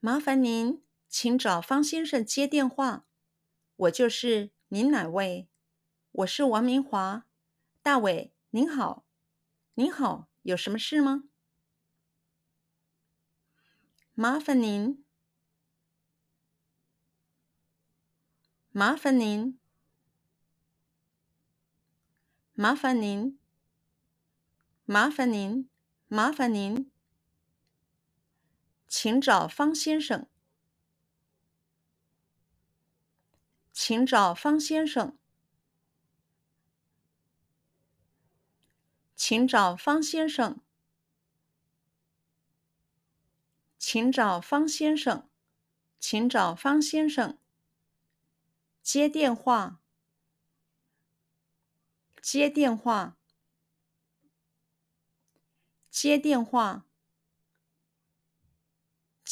麻煩您，請找方先生接電話。我就是。您哪位？我是王明華。大偉，您好。您好，有什麼事嗎？麻煩您。麻煩您。麻煩您。麻煩您，麻煩您。麻煩您。請找，請找方先生。請找方先生。請找方先生。請找方先生。請找方先生。接電話。接電話。接電話。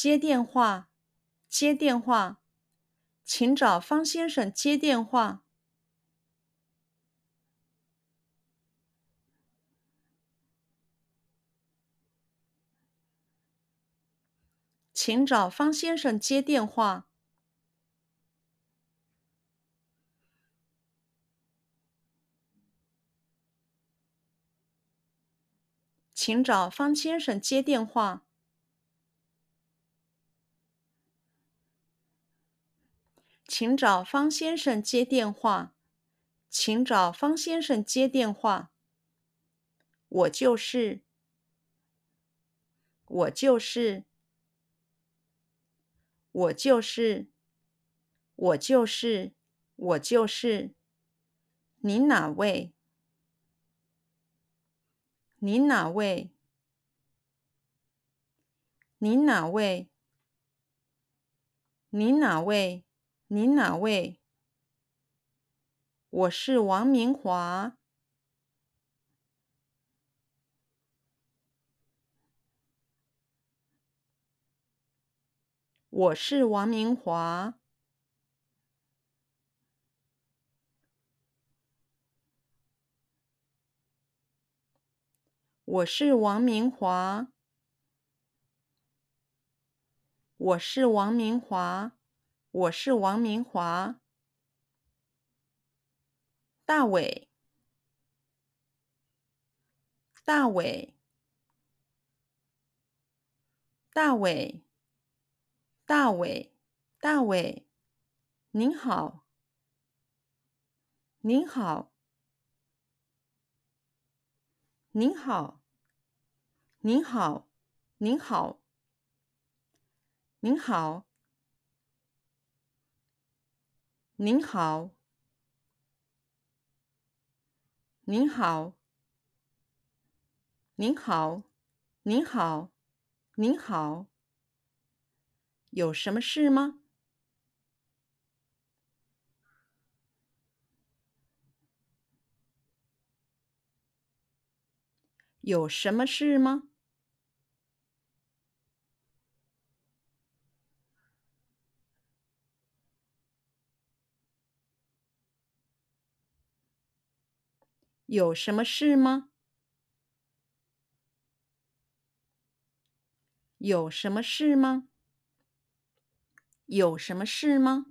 接電話，接電話，請找方先生接電話，請找方先生接電話，請找方先生接電話。請找方先生接電話。請找方先生接電話。我就是，我就是，我就是，我就是，我就是。您哪位？您哪位？您哪位？您哪位？您哪位？我是王明華。我是王明華。我是王明華。我是王明華。我是王明華，大偉，大偉，大偉，大偉，大偉，您好，您好，您好，您好，您好，您好。您好，您好，您好，您好您好，您好，您好，您好，您好。有什麼事嗎？有什麼事嗎？有什麼事嗎？有什麼事嗎？有什麼事嗎？